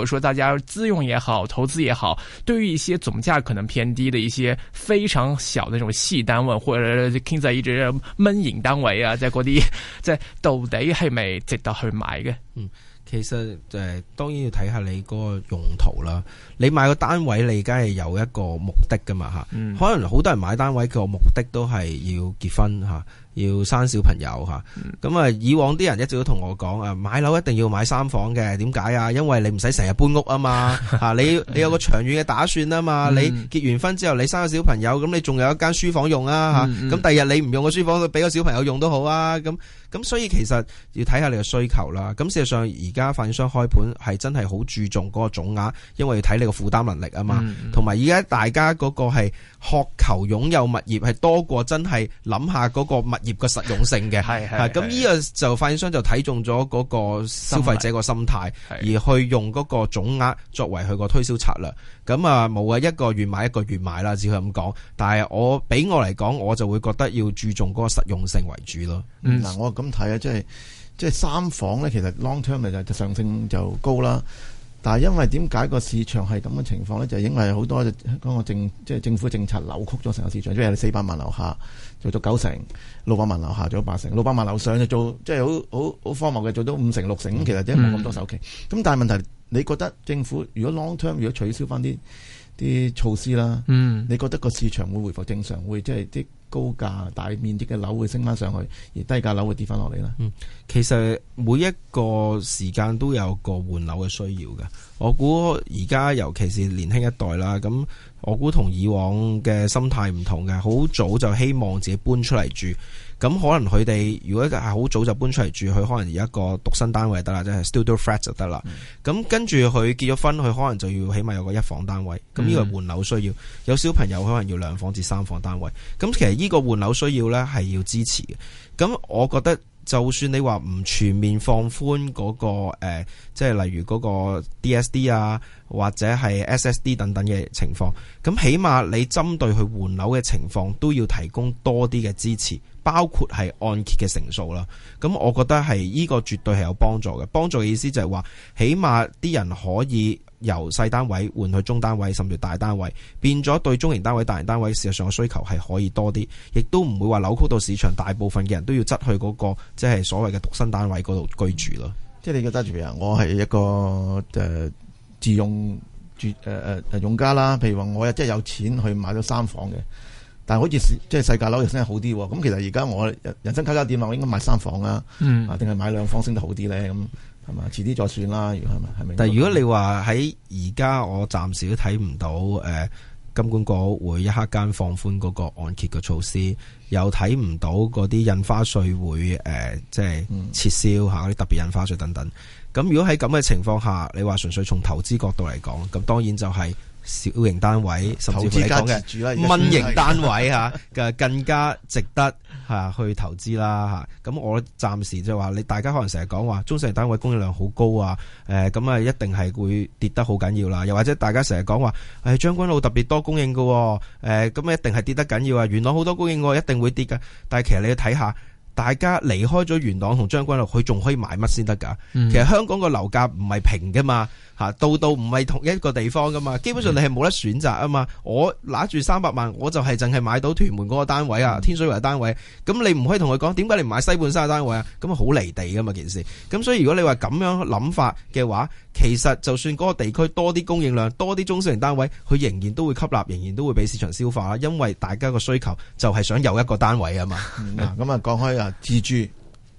比如說大家自用也好，投資也好，對於一些總價可能偏低的一些非常小的這種細單位，或者 k i n d l 蚊型單位啊，即係嗰啲，即係到底係咪值得去買嘅？嗯，其實誒、呃，當然要睇下你嗰個用途啦。你買個單位，你梗係有一個目的噶嘛吓、嗯。可能好多人買單位個目的都係要結婚吓。啊要生小朋友吓，咁啊以往啲人一直都同我講啊，買樓一定要買三房嘅，點解啊？因為你唔使成日搬屋啊嘛，吓 [laughs] 你你有個長遠嘅打算啊嘛， [laughs] 嗯、你結完婚之後你生個小朋友，咁你仲有一間書房用啊吓，咁、嗯、第二、嗯、日你唔用個書房，俾個小朋友用都好啊，咁咁所以其實要睇下你嘅需求啦。咁事實上而家發展商開盤係真係好注重嗰個總額，因為要睇你個負擔能力啊嘛，同埋而家大家嗰個係。渴求擁有物業係多過真係諗下嗰個物業嘅實用性嘅，咁 [laughs] 呢個就發展商就睇中咗嗰個消費者個心態心，而去用嗰個總額作為佢個推銷策略。咁啊冇啊一個月買一個月買啦，只可以咁講。但係我俾我嚟講，我就會覺得要注重嗰個實用性為主咯。嗱、嗯，我咁睇啊，即係即係三房咧，其實 long term 就上升就高啦。但係因為點解個市場係咁嘅情況咧？就係、是、因為好多講個政，即、就、係、是、政府政策扭曲咗成個市場，即係你四百萬樓下做咗九成，六百萬樓下做咗八成，六百萬樓上就做即係好好好荒謬嘅，做到五成六成。其實即係冇咁多首期。咁、嗯、但係問題，你覺得政府如果 long term 如果取消翻啲啲措施啦，嗯、你覺得個市場會回復正常，會即係啲？高價大面積嘅樓會升翻上去，而低價樓會跌翻落嚟啦。嗯，其實每一個時間都有個換樓嘅需要嘅。我估而家尤其是年輕一代啦，咁。我估同以往嘅心態唔同嘅，好早就希望自己搬出嚟住，咁可能佢哋如果係好早就搬出嚟住，佢可能有一個獨身單位得啦，即係 studio flat 就得啦。咁、嗯、跟住佢結咗婚，佢可能就要起碼有個一房單位。咁呢個換樓需要，有小朋友，可能要兩房至三房單位。咁其實呢個換樓需要呢係要支持嘅。咁我覺得。就算你話唔全面放寬嗰個呃，即係例如嗰個 DSD 啊，或者係 SSD 等等嘅情況，咁起碼你針對去換樓嘅情況，都要提供多啲嘅支持。包括係按揭嘅成數啦，咁我覺得係呢個絕對係有幫助嘅。幫助嘅意思就係話，起碼啲人可以由細單位換去中單位，甚至大單位，變咗對中型單位、大型單位，事實上嘅需求係可以多啲，亦都唔會話扭曲到市場大部分嘅人都要執去嗰、那個即係、就是、所謂嘅獨身單位嗰度居住咯。即係你覺得住啊？我係一個誒、呃、自用住、呃、用家啦。譬如話，我又即係有錢去買咗三房嘅。但係好似即係世界樓又真係好啲喎，咁其實而家我人生下點店我應該買三房啦，啊定係買兩房升得好啲咧？咁係嘛？遲啲再算啦，如果係咪？但係如果你話喺而家，我暫時都睇唔到誒，金管局會一刻間放寬嗰個按揭嘅措施，又睇唔到嗰啲印花稅會誒，即係撤銷下嗰啲特別印花稅等等。咁如果喺咁嘅情況下，你話純粹從投資角度嚟講，咁當然就係。小型單位甚至係講嘅蚊型單位吓嘅 [laughs] 更加值得吓去投資啦吓，咁 [laughs] 我暫時就話你大家可能成日講話中小型單位供應量好高啊，誒咁啊一定係會跌得好緊要啦，又或者大家成日講話誒將軍澳特別多供應嘅，誒咁啊一定係跌得緊要啊，元朗好多供應喎一定會跌噶。但係其實你要睇下，大家離開咗元朗同將軍澳，佢仲可以買乜先得噶？其實香港個樓價唔係平噶嘛。吓，度度唔係同一個地方噶嘛，基本上你係冇得選擇啊嘛。我拿住三百萬，我就係淨係買到屯門嗰個單位啊，天水圍單位。咁你唔可以同佢講，點解你唔買西半山嘅單位啊？咁啊好離地噶嘛件事。咁所以如果你話咁樣諗法嘅話，其實就算嗰個地區多啲供應量，多啲中小型單位，佢仍然都會吸納，仍然都會俾市場消化啦。因為大家個需求就係想有一個單位啊嘛。咁、嗯、啊，講開啊，自、嗯、住。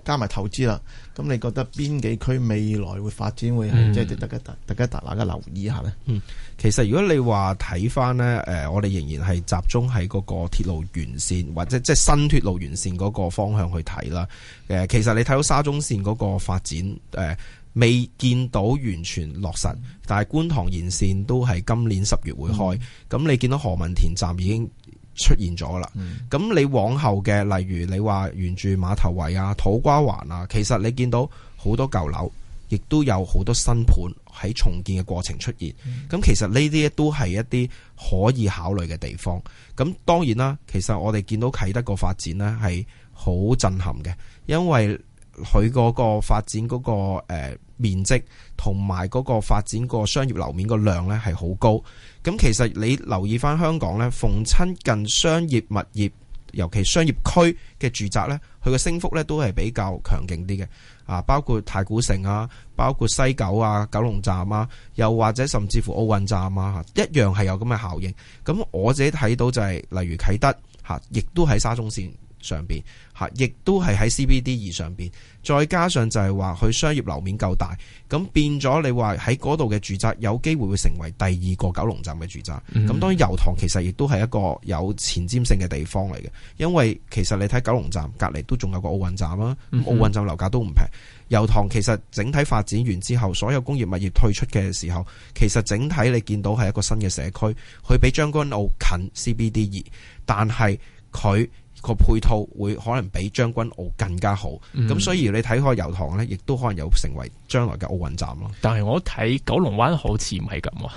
加埋投資啦，咁你覺得邊幾區未來會發展會係即係得嘅，得、嗯、大家大家留意一下咧、嗯。其實如果你話睇翻呢，誒，我哋仍然係集中喺嗰個鐵路沿線或者即係新鐵路沿線嗰個方向去睇啦。誒，其實你睇到沙中線嗰個發展，誒，未見到完全落實，但係觀塘沿線都係今年十月會開。咁、嗯、你見到何文田站已經。出現咗啦，咁你往後嘅，例如你話沿住馬頭圍啊、土瓜灣啊，其實你見到好多舊樓，亦都有好多新盤喺重建嘅過程出現，咁、嗯、其實呢啲都係一啲可以考慮嘅地方。咁當然啦，其實我哋見到啟德個發展呢係好震撼嘅，因為。佢嗰個發展嗰個誒面積，同埋嗰個發展個商業樓面個量呢係好高。咁其實你留意翻香港呢，逢親近商業物業，尤其商業區嘅住宅呢，佢個升幅呢都係比較強勁啲嘅。啊，包括太古城啊，包括西九啊，九龍站啊，又或者甚至乎奧運站啊，一樣係有咁嘅效應。咁我自己睇到就係，例如啟德嚇，亦都喺沙中線上邊吓，亦都係喺 C B D 二上邊，再加上就係話佢商業樓面夠大，咁變咗你話喺嗰度嘅住宅有機會會成為第二個九龍站嘅住宅。咁、mm -hmm. 當然油塘其實亦都係一個有前瞻性嘅地方嚟嘅，因為其實你睇九龍站隔離都仲有個奧運站啦，咁奧運站樓價都唔平。Mm -hmm. 油塘其實整體發展完之後，所有工業物業退出嘅時候，其實整體你見到係一個新嘅社區，佢比將軍澳近 C B D 二，但係佢。個配套會可能比將軍澳更加好，咁、嗯、所以你睇開油塘呢，亦都可能有成為將來嘅奧運站咯。但係我睇九龍灣好似唔係咁啊，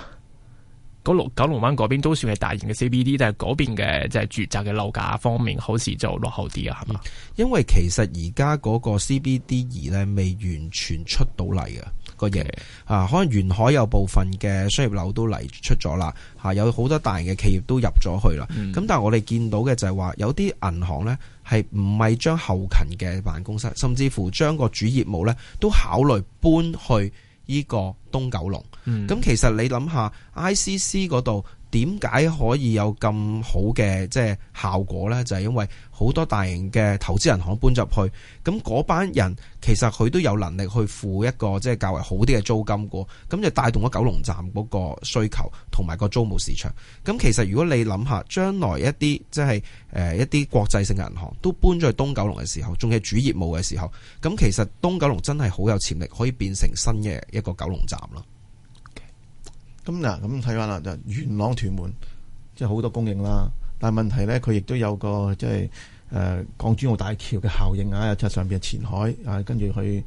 九龍九龍灣嗰邊都算係大型嘅 CBD，但係嗰邊嘅即係住宅嘅樓價方面，好似就落後啲啊係嘛、嗯，因為其實而家嗰個 CBD 二呢，未完全出到嚟啊。個嘢啊，可能沿海有部分嘅商業樓都嚟出咗啦，吓有好多大型嘅企業都入咗去啦。咁、mm. 但係我哋見到嘅就係話，有啲銀行呢係唔係將後勤嘅辦公室，甚至乎將個主業務呢都考慮搬去呢個東九龍。咁、mm. 其實你諗下，ICC 嗰度。點解可以有咁好嘅，即係效果呢？就係因為好多大型嘅投資銀行搬入去，咁嗰班人其實佢都有能力去付一個即係較為好啲嘅租金噶，咁就帶動咗九龍站嗰個需求同埋個租務市場。咁其實如果你諗下，將來一啲即係誒一啲國際性嘅銀行都搬咗去東九龍嘅時候，仲係主業務嘅時候，咁其實東九龍真係好有潛力可以變成新嘅一個九龍站咯。咁嗱，咁睇翻啦，就元朗屯門即係好多供應啦，但係問題咧，佢亦都有個即係誒港珠澳大橋嘅效應啊，又出上邊嘅前海啊，跟住去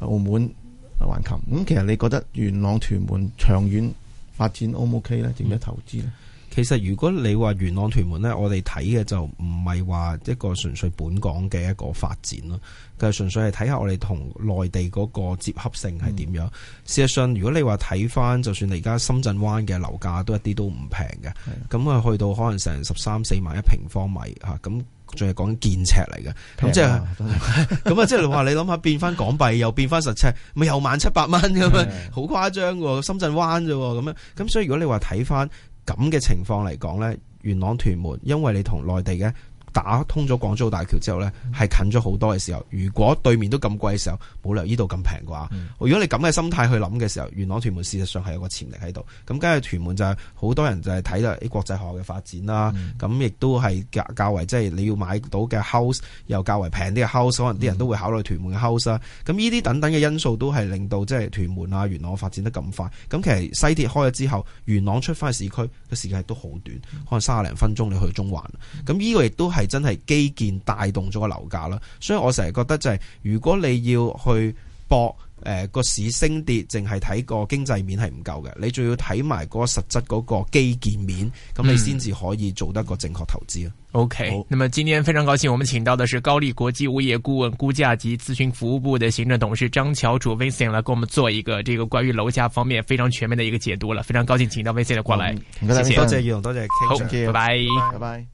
澳門橫、啊、琴。咁其實你覺得元朗屯門長遠發展 O 唔 OK 咧？點樣投資咧？其實如果你話元朗屯門咧，我哋睇嘅就唔係話一個純粹本港嘅一個發展咯。佢係純粹係睇下我哋同內地嗰個接合性係點樣。事實上，如果你話睇翻，就算你而家深圳灣嘅樓價都一啲都唔平嘅，咁啊去到可能成十三四萬一平方米吓，咁仲係講建尺嚟嘅。咁即係咁啊！即係、就是、 [laughs] 你話你諗下，變翻港幣又變翻實尺，咪又萬七百蚊咁樣，好誇張喎！深圳灣啫，咁樣咁所以如果你話睇翻咁嘅情況嚟講呢，元朗屯門，因為你同內地嘅。打通咗港珠澳大橋之後呢，係近咗好多嘅時候。如果對面都咁貴嘅時候，冇理由呢度咁平嘅話。如果你咁嘅心態去諗嘅時候，元朗屯門事實上係有個潛力喺度。咁梗係屯門就係、是、好多人就係睇到啲國際學校嘅發展啦。咁、嗯、亦都係較較為即係、就是、你要買到嘅 house 又較為平啲嘅 house，可能啲人都會考慮屯門嘅 house 啦。咁呢啲等等嘅因素都係令到即係屯門啊元朗發展得咁快。咁其實西鐵開咗之後，元朗出翻去市區嘅時間都好短，可能三廿零分鐘你去中環。咁、嗯、呢個亦都係真係基建帶動咗個樓價啦，所以我成日覺得就係、是、如果你要去博誒個、呃、市升跌，淨係睇個經濟面係唔夠嘅，你仲要睇埋嗰個實質嗰個基建面，咁、嗯、你先至可以做得個正確投資 OK，咁啊，那麼今天非常高興，我們請到的是高力國際物業顧問估價及諮詢服務部的行政董事張翹楚 Vincent 來，給我們做一個這個關於樓價方面非常全面的一個解讀了。非常高興請到 Vincent 過來，嗯、謝謝謝謝 Yon, 多謝多謝葉龍，多謝 K 姐，拜拜。